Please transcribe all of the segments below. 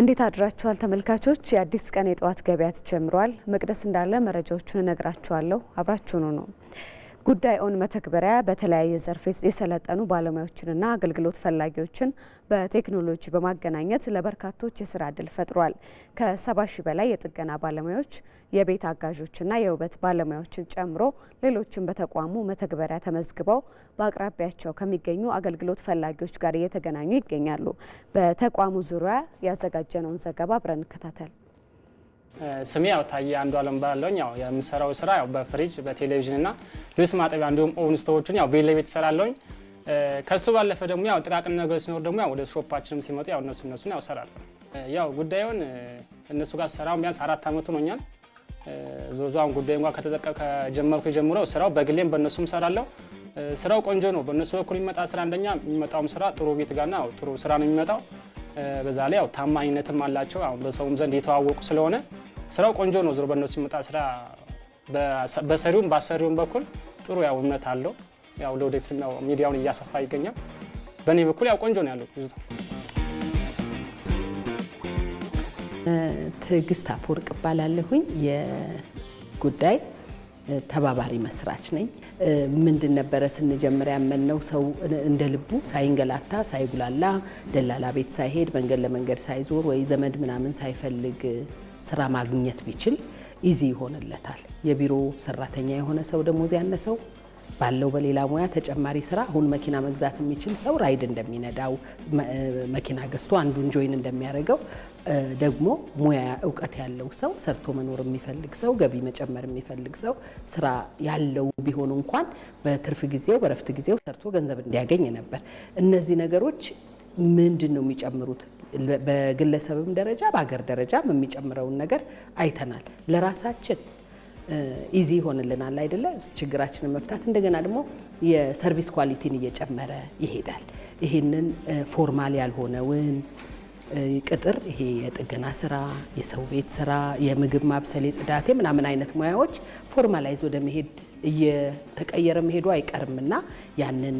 እንዴት አድራችኋል ተመልካቾች? የአዲስ ቀን የጠዋት ገበያ ተጀምሯል። መቅደስ እንዳለ መረጃዎቹን እነግራችኋለሁ። አብራችሁኑ ነው ጉዳይኦን መተግበሪያ በተለያየ ዘርፍ የሰለጠኑ ባለሙያዎችንና አገልግሎት ፈላጊዎችን በቴክኖሎጂ በማገናኘት ለበርካቶች የስራ እድል ፈጥሯል። ከሰባ ሺህ በላይ የጥገና ባለሙያዎች፣ የቤት አጋዦችና የውበት ባለሙያዎችን ጨምሮ ሌሎችን በተቋሙ መተግበሪያ ተመዝግበው በአቅራቢያቸው ከሚገኙ አገልግሎት ፈላጊዎች ጋር እየተገናኙ ይገኛሉ። በተቋሙ ዙሪያ ያዘጋጀነውን ዘገባ አብረን እንከታተል። ስሜ ያው ታዬ አንዱ አለም ባለውኝ ያው የምሰራው ስራ ያው በፍሪጅ በቴሌቪዥን እና ልብስ ማጠቢያ እንዲሁም ኦቭን ስቶቮችን ያው ቤት ለቤት እሰራለሁኝ። ከሱ ባለፈ ደግሞ ያው ጥቃቅን ነገር ሲኖር ደግሞ ያው ወደ ሾፓችንም ሲመጡ ያው እነሱ እነሱን ያው እሰራለሁ። ያው ጉዳዩን እነሱ ጋር ሰራው ቢያንስ አራት አመቱ ሆኛል። ዞዟን ጉዳዩን ጋር ከተጠቀ ከጀመርኩ ጀምሮ ስራው በግሌም በእነሱም እሰራለሁ። ስራው ቆንጆ ነው። በእነሱ በኩል የሚመጣ ስራ አንደኛ የሚመጣውም ስራ ጥሩ ቤት ጋርና ጥሩ ስራ ነው የሚመጣው። በዛ ላይ ያው ታማኝነትም አላቸው። አሁን በሰውም ዘንድ የተዋወቁ ስለሆነ ስራው ቆንጆ ነው። ዞሮ በእነሱ ሲመጣ ስራ በሰሪውም በአሰሪውም በኩል ጥሩ ያው እምነት አለው። ያው ለወደፊት ያው ሚዲያውን እያሰፋ ይገኛል። በእኔ በኩል ያው ቆንጆ ነው ያለው ብዙ ትዕግስት አፈወርቅ እባላለሁኝ። የጉዳይ ተባባሪ መስራች ነኝ። ምንድን ነበረ ስንጀምር ያመንነው ሰው እንደ ልቡ ሳይንገላታ ሳይጉላላ፣ ደላላ ቤት ሳይሄድ፣ መንገድ ለመንገድ ሳይዞር ወይ ዘመድ ምናምን ሳይፈልግ ስራ ማግኘት ቢችል ኢዚ ይሆንለታል። የቢሮ ሰራተኛ የሆነ ሰው ደሞዝ ያነሰው ባለው በሌላ ሙያ ተጨማሪ ስራ አሁን መኪና መግዛት የሚችል ሰው ራይድ እንደሚነዳው መኪና ገዝቶ አንዱን ጆይን እንደሚያደርገው ደግሞ ሙያ እውቀት ያለው ሰው ሰርቶ መኖር የሚፈልግ ሰው ገቢ መጨመር የሚፈልግ ሰው ስራ ያለው ቢሆን እንኳን በትርፍ ጊዜው በረፍት ጊዜው ሰርቶ ገንዘብ እንዲያገኝ ነበር። እነዚህ ነገሮች ምንድን ነው የሚጨምሩት? በግለሰብም ደረጃ በሀገር ደረጃ የሚጨምረውን ነገር አይተናል። ለራሳችን ኢዚ ይሆንልናል አይደለ? ችግራችንን መፍታት እንደገና ደግሞ የሰርቪስ ኳሊቲን እየጨመረ ይሄዳል። ይህንን ፎርማል ያልሆነውን ቅጥር ይሄ የጥገና ስራ፣ የሰው ቤት ስራ፣ የምግብ ማብሰል፣ የጽዳቴ ምናምን አይነት ሙያዎች ፎርማላይዝ ወደ መሄድ እየተቀየረ መሄዱ አይቀርምና ያንን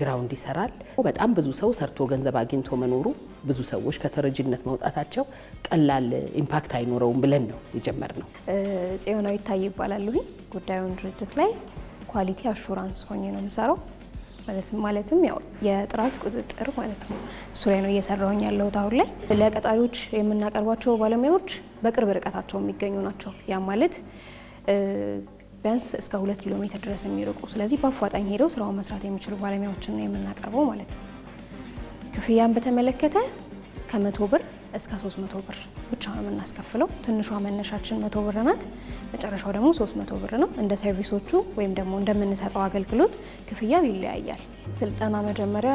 ግራውንድ ይሰራል። በጣም ብዙ ሰው ሰርቶ ገንዘብ አግኝቶ መኖሩ ብዙ ሰዎች ከተረጅነት መውጣታቸው ቀላል ኢምፓክት አይኖረውም ብለን ነው የጀመርነው። ጽዮናዊ ታይ ይባላሉ። ጉዳዩን ድርጅት ላይ ኳሊቲ አሹራንስ ሆኜ ነው የምሰራው። ማለትም ያው የጥራት ቁጥጥር ማለት ነው። እሱ ላይ ነው እየሰራሁኝ ያለሁት አሁን ላይ። ለቀጣሪዎች የምናቀርባቸው ባለሙያዎች በቅርብ ርቀታቸው የሚገኙ ናቸው። ያ ማለት ቢያንስ እስከ ሁለት ኪሎ ሜትር ድረስ የሚርቁ ስለዚህ በአፋጣኝ ሄደው ስራውን መስራት የሚችሉ ባለሙያዎችን ነው የምናቀርበው ማለት ነው። ክፍያን በተመለከተ ከመቶ ብር እስከ ሶስት መቶ ብር ብቻ ነው የምናስከፍለው። ትንሿ መነሻችን መቶ ብር ናት፣ መጨረሻው ደግሞ መቶ ብር ነው። እንደ ሰርቪሶቹ ወይም ደግሞ እንደምንሰጠው አገልግሎት ክፍያው ይለያያል። ስልጠና መጀመሪያ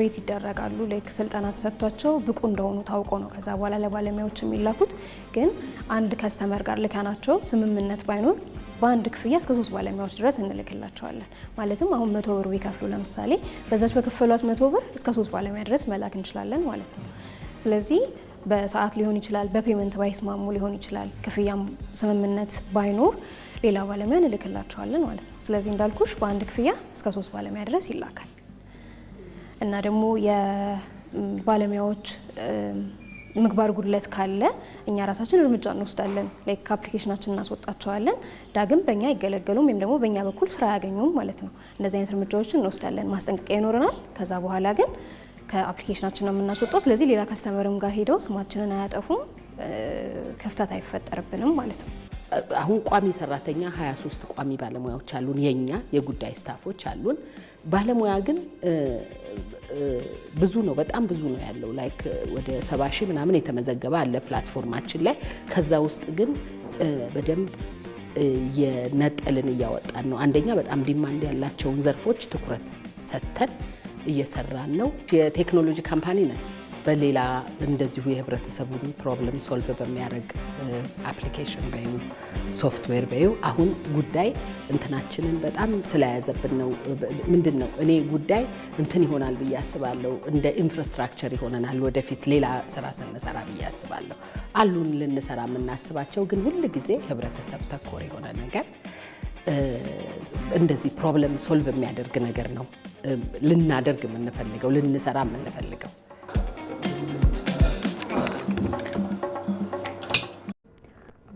ቤት ይደረጋሉ። ላይክ ስልጠና ተሰጥቷቸው ብቁ እንደሆኑ ታውቆ ነው ከዛ በኋላ ለባለሙያዎች የሚላኩት። ግን አንድ ከስተመር ጋር ልካናቸው ስምምነት ባይኖር በአንድ ክፍያ እስከ ሶስት ባለሙያዎች ድረስ እንልክላቸዋለን። ማለትም አሁን መቶ ብር ቢከፍሉ ለምሳሌ በዛች በከፈሏት መቶ ብር እስከ ሶስት ባለሙያ ድረስ መላክ እንችላለን ማለት ነው። ስለዚህ በሰዓት ሊሆን ይችላል፣ በፔመንት ባይስማሙ ሊሆን ይችላል፣ ክፍያም ስምምነት ባይኖር ሌላ ባለሙያ እንልክላቸዋለን ማለት ነው። ስለዚህ እንዳልኩሽ በአንድ ክፍያ እስከ ሶስት ባለሙያ ድረስ ይላካል እና ደግሞ የባለሙያዎች ምግባር ጉድለት ካለ እኛ ራሳችን እርምጃ እንወስዳለን። ላይክ ከአፕሊኬሽናችን እናስወጣቸዋለን። ዳግም በእኛ አይገለገሉም ወይም ደግሞ በእኛ በኩል ስራ አያገኙም ማለት ነው። እንደዚህ አይነት እርምጃዎችን እንወስዳለን። ማስጠንቀቂያ ይኖረናል። ከዛ በኋላ ግን ከአፕሊኬሽናችን ነው የምናስወጣው። ስለዚህ ሌላ ከስተመርም ጋር ሄደው ስማችንን አያጠፉም፣ ክፍተት አይፈጠርብንም ማለት ነው። አሁን ቋሚ ሰራተኛ 23 ቋሚ ባለሙያዎች አሉን። የኛ የጉዳይ ስታፎች አሉን። ባለሙያ ግን ብዙ ነው፣ በጣም ብዙ ነው ያለው። ላይክ ወደ ሰባ ሺህ ምናምን የተመዘገበ አለ ፕላትፎርማችን ላይ። ከዛ ውስጥ ግን በደንብ የነጠልን እያወጣን ነው። አንደኛ በጣም ዲማንድ ያላቸውን ዘርፎች ትኩረት ሰጥተን እየሰራን ነው። የቴክኖሎጂ ካምፓኒ ነን። በሌላ እንደዚሁ የህብረተሰቡን ፕሮብለም ሶልቭ በሚያደርግ አፕሊኬሽን በዩ ሶፍትዌር በዩ አሁን ጉዳይ እንትናችንን በጣም ስለያዘብን ነው። ምንድን ነው እኔ ጉዳይ እንትን ይሆናል ብዬ አስባለሁ። እንደ ኢንፍራስትራክቸር ይሆነናል ወደፊት ሌላ ስራ ስንሰራ ብዬ አስባለሁ። አሉን ልንሰራ የምናስባቸው ግን ሁል ጊዜ ህብረተሰብ ተኮር የሆነ ነገር እንደዚህ ፕሮብለም ሶልቭ የሚያደርግ ነገር ነው ልናደርግ የምንፈልገው ልንሰራ የምንፈልገው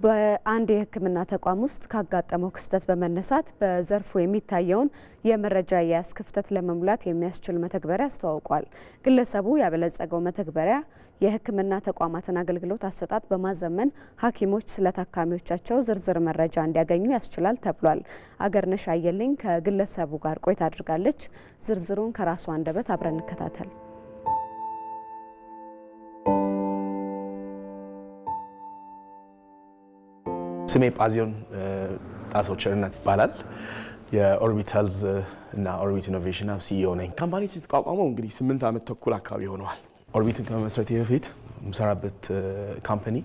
በአንድ የሕክምና ተቋም ውስጥ ካጋጠመው ክስተት በመነሳት በዘርፉ የሚታየውን የመረጃ አያያዝ ክፍተት ለመሙላት የሚያስችል መተግበሪያ አስተዋውቋል። ግለሰቡ ያበለጸገው መተግበሪያ የሕክምና ተቋማትን አገልግሎት አሰጣጥ በማዘመን ሐኪሞች ስለ ታካሚዎቻቸው ዝርዝር መረጃ እንዲያገኙ ያስችላል ተብሏል። አገርነሽ አየልኝ ከግለሰቡ ጋር ቆይታ አድርጋለች። ዝርዝሩን ከራሷ አንደበት አብረን እንከታተል። ስሜ ጳዚዮን ጣሰው ቸርነት ይባላል። የኦርቢታልዝ እና ኦርቢት ኢኖቬሽን አብ ሲኢኦ ነኝ። ካምፓኒ የተቋቋመው እንግዲህ ስምንት ዓመት ተኩል አካባቢ ሆነዋል። ኦርቢትን ከመመስረት በፊት የምሰራበት ካምፓኒ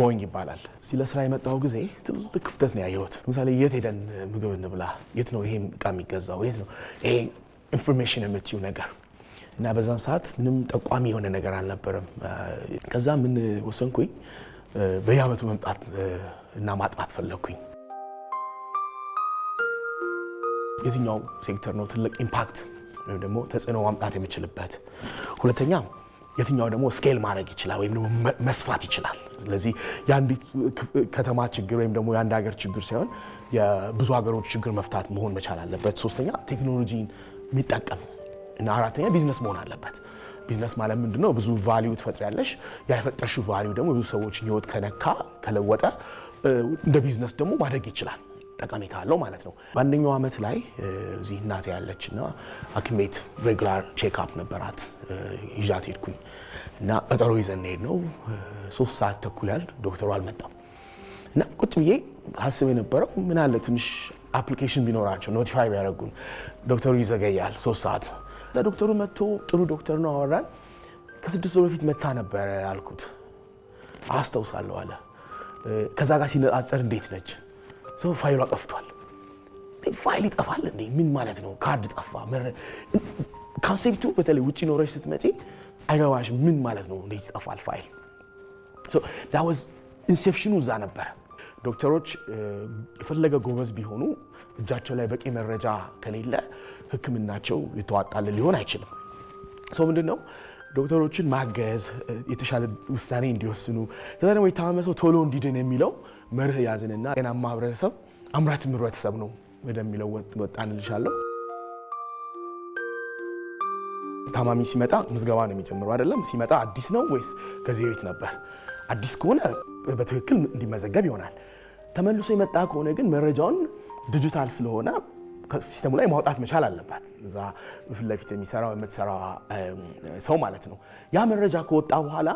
ቦይንግ ይባላል። እዚህ ለስራ የመጣው ጊዜ ትልቅ ክፍተት ነው ያየሁት። ለምሳሌ የት ሄደን ምግብ እንብላ፣ የት ነው ይሄ እቃ የሚገዛው፣ የት ነው ይሄ ኢንፎርሜሽን የምትዩ ነገር እና በዛን ሰዓት ምንም ጠቋሚ የሆነ ነገር አልነበረም። ከዛ ምን ወሰንኩኝ በየዓመቱ መምጣት እና ማጥናት ፈለግኩኝ። የትኛው ሴክተር ነው ትልቅ ኢምፓክት ወይም ደግሞ ተጽዕኖ ማምጣት የምችልበት? ሁለተኛ የትኛው ደግሞ ስኬል ማድረግ ይችላል ወይም ደግሞ መስፋት ይችላል? ስለዚህ የአንዲት ከተማ ችግር ወይም ደግሞ የአንድ ሀገር ችግር ሳይሆን የብዙ ሀገሮች ችግር መፍታት መሆን መቻል አለበት። ሶስተኛ ቴክኖሎጂን የሚጠቀም እና አራተኛ ቢዝነስ መሆን አለበት። ቢዝነስ ማለት ምንድነው? ብዙ ቫሊዩ ትፈጥሪያለሽ። ያልፈጠርሽው ቫሊዩ ደግሞ ብዙ ሰዎችን ህይወት ከነካ ከለወጠ እንደ ቢዝነስ ደግሞ ማደግ ይችላል። ጠቀሜታ አለው ማለት ነው። በአንደኛው ዓመት ላይ እዚህ እናቴ ያለች እና ሐኪም ቤት ሬጉላር ቼክአፕ ነበራት። ይዣት ሄድኩኝ እና ቀጠሮ ይዘን ሄድ ነው ሶስት ሰዓት ተኩል ያህል ዶክተሩ አልመጣም እና ቁጭ ብዬ ሀስብ የነበረው ምን አለ ትንሽ አፕሊኬሽን ቢኖራቸው ኖቲፋይ ቢያደርጉን ዶክተሩ ይዘገያል ሶስት ሰዓት እና ዶክተሩ መጥቶ ጥሩ ዶክተር ነው አወራን። ከስድስት ወር በፊት መታ ነበረ አልኩት፣ አስታውሳለሁ አለ። ከዛ ጋር ሲነጻጸር እንዴት ነች? ሰው ፋይሏ ጠፍቷል። ፋይል ይጠፋል እንዴ? ምን ማለት ነው? ካርድ ጠፋ። ካንሴፕቱ በተለይ ውጭ ኖረች ስትመጪ አይገባሽ ምን ማለት ነው? እንዴት ይጠፋል ፋይል? ኢንሴፕሽኑ እዛ ነበረ። ዶክተሮች የፈለገ ጎበዝ ቢሆኑ እጃቸው ላይ በቂ መረጃ ከሌለ ሕክምናቸው የተዋጣል ሊሆን አይችልም። ሰው ምንድን ነው ዶክተሮችን ማገዝ የተሻለ ውሳኔ እንዲወስኑ ከዛ ደግሞ የታመመ ሰው ቶሎ እንዲድን የሚለው መርህ ያዝንና ጤናማ ህብረተሰብ አምራች ህብረተሰብ ነው ወደሚለው ወጣን ልሻለሁ። ታማሚ ሲመጣ ምዝገባ ነው የሚጀምረው አይደለም። ሲመጣ አዲስ ነው ወይስ ከዚህ ቤት ነበር? አዲስ ከሆነ በትክክል እንዲመዘገብ ይሆናል። ተመልሶ የመጣ ከሆነ ግን መረጃውን ዲጂታል ስለሆነ ከሲስተሙ ላይ ማውጣት መቻል አለባት። እዛ ፊት ለፊት የሚሰራው የምትሰራ ሰው ማለት ነው። ያ መረጃ ከወጣ በኋላ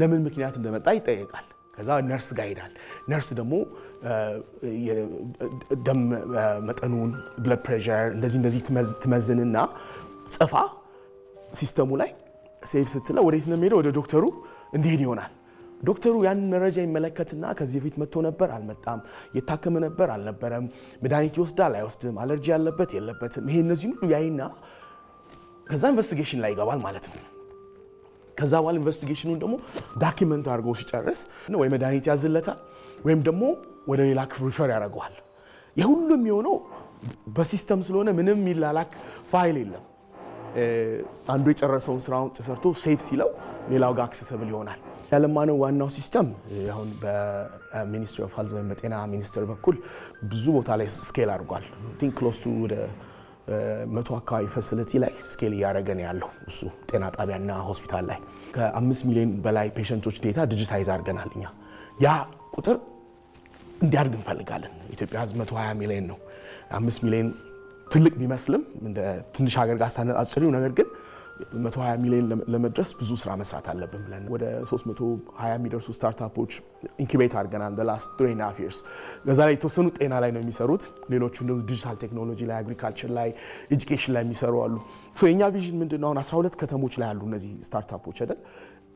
ለምን ምክንያት እንደመጣ ይጠየቃል። ከዛ ነርስ ጋር ይሄዳል። ነርስ ደግሞ ደም መጠኑን ብለድ ፕሬሸር እንደዚህ እንደዚህ ትመዝንና ጽፋ ሲስተሙ ላይ ሴቭ ስትለ ወዴት ነው የሚሄደው? ወደ ዶክተሩ እንዲሄድ ይሆናል። ዶክተሩ ያን መረጃ ይመለከትና ከዚህ በፊት መጥቶ ነበር አልመጣም፣ የታከመ ነበር አልነበረም፣ መድኃኒት ይወስዳል አይወስድም፣ አለርጂ ያለበት የለበትም፣ ይሄ እነዚህ ሁሉ ያይና ከዛ ኢንቨስቲጌሽን ላይ ይገባል ማለት ነው። ከዛ በኋላ ኢንቨስቲጌሽኑን ደግሞ ዳኪመንት አድርገው ሲጨርስ ወይ መድኃኒት ያዝለታል ወይም ደግሞ ወደ ሌላ ክፍል ሪፈር ያደርገዋል። የሁሉም የሆነው በሲስተም ስለሆነ ምንም የሚላላክ ፋይል የለም። አንዱ የጨረሰውን ስራውን ተሰርቶ ሴፍ ሲለው ሌላው ጋር አክሰሰብል ይሆናል። ያለማነው ዋናው ሲስተም አሁን በሚኒስትሪ ኦፍ ሀልዝ ወይም በጤና ሚኒስቴር በኩል ብዙ ቦታ ላይ ስኬል አድርጓል። ቲንክ ክሎስ ቱ ወደ መቶ አካባቢ ፋሲሊቲ ላይ ስኬል እያደረገ ነው ያለው እሱ ጤና ጣቢያና ሆስፒታል ላይ ከአምስት ሚሊዮን በላይ ፔሸንቶች ዴታ ዲጂታይዝ አድርገናል እኛ። ያ ቁጥር እንዲያድግ እንፈልጋለን። ኢትዮጵያ ሕዝብ 120 ሚሊዮን ነው። አምስት ሚሊዮን ትልቅ ቢመስልም እንደ ትንሽ ሀገር ጋር ሳነጻጽሪው ነገር ግን 120 ሚሊዮን ለመድረስ ብዙ ስራ መስራት አለብን ብለን ወደ 320 የሚደርሱ ስታርታፖች ኢንኩቤት አድርገናል ላስት ትሪ ኤንድ ሃፍ ይርስ። ከዛ ላይ የተወሰኑ ጤና ላይ ነው የሚሰሩት፣ ሌሎቹ እንደ ዲጂታል ቴክኖሎጂ ላይ፣ አግሪካልቸር ላይ፣ ኤጁኬሽን ላይ የሚሰሩ አሉ። የእኛ ቪዥን ምንድን ነው? አሁን 12 ከተሞች ላይ ያሉ እነዚህ ስታርታፖች አይደል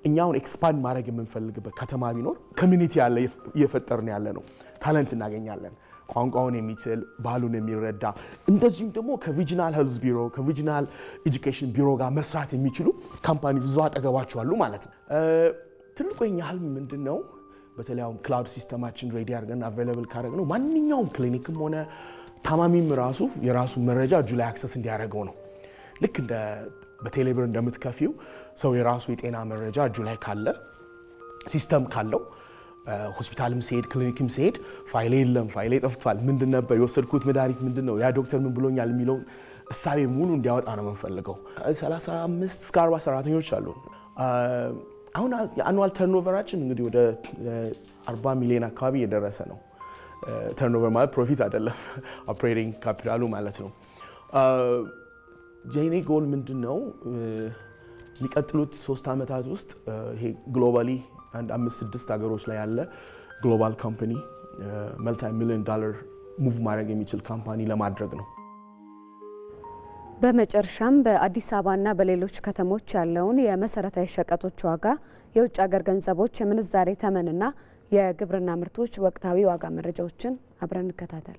እኛ አሁን ኤክስፓንድ ማድረግ የምንፈልግበት ከተማ ቢኖር ኮሚኒቲ ያለ እየፈጠርን ያለ ነው። ታለንት እናገኛለን ቋንቋውን የሚችል ባህሉን የሚረዳ እንደዚሁም ደግሞ ከሪጂናል ሄልዝ ቢሮ ከሪጂናል ኤጁኬሽን ቢሮ ጋር መስራት የሚችሉ ካምፓኒ ብዙ አጠገባችኋሉ አሉ ማለት ነው። ትልቁ የኛ ህልም ምንድን ነው? በተለያውም ክላውድ ሲስተማችን ሬዲ አድርገን ካደረግ ነው ማንኛውም ክሊኒክም ሆነ ታማሚም ራሱ የራሱ መረጃ እጁ ላይ አክሰስ እንዲያደርገው ነው። ልክ እንደ በቴሌብር እንደምትከፊው ሰው የራሱ የጤና መረጃ እጁ ላይ ካለ ሲስተም ካለው ሆስፒታልም ስሄድ ክሊኒክም ስሄድ ፋይሌ የለም፣ ፋይሌ ጠፍቷል፣ ምንድን ነበር የወሰድኩት መድኃኒት ምንድን ነው፣ ያ ዶክተር ምን ብሎኛል የሚለውን እሳቤ ሙሉ እንዲያወጣ ነው የምንፈልገው። 35 እስከ 40 ሰራተኞች አሉ። አሁን የአኑዋል ተርኖቨራችን እንግዲህ ወደ 40 ሚሊዮን አካባቢ የደረሰ ነው። ተርኖቨር ማለት ፕሮፊት አይደለም፣ ኦፕሬቲንግ ካፒታሉ ማለት ነው። የኔ ጎል ምንድን ነው? የሚቀጥሉት ሶስት ዓመታት ውስጥ ይሄ ግሎባሊ አንድ አምስት ስድስት ሀገሮች ላይ ያለ ግሎባል ካምፓኒ መልቲ ሚሊዮን ዶላር ሙቭ ማድረግ የሚችል ካምፓኒ ለማድረግ ነው። በመጨረሻም በአዲስ አበባና በሌሎች ከተሞች ያለውን የመሰረታዊ ሸቀጦች ዋጋ፣ የውጭ ሀገር ገንዘቦች የምንዛሬ ተመንና የግብርና ምርቶች ወቅታዊ ዋጋ መረጃዎችን አብረን እንከታተል።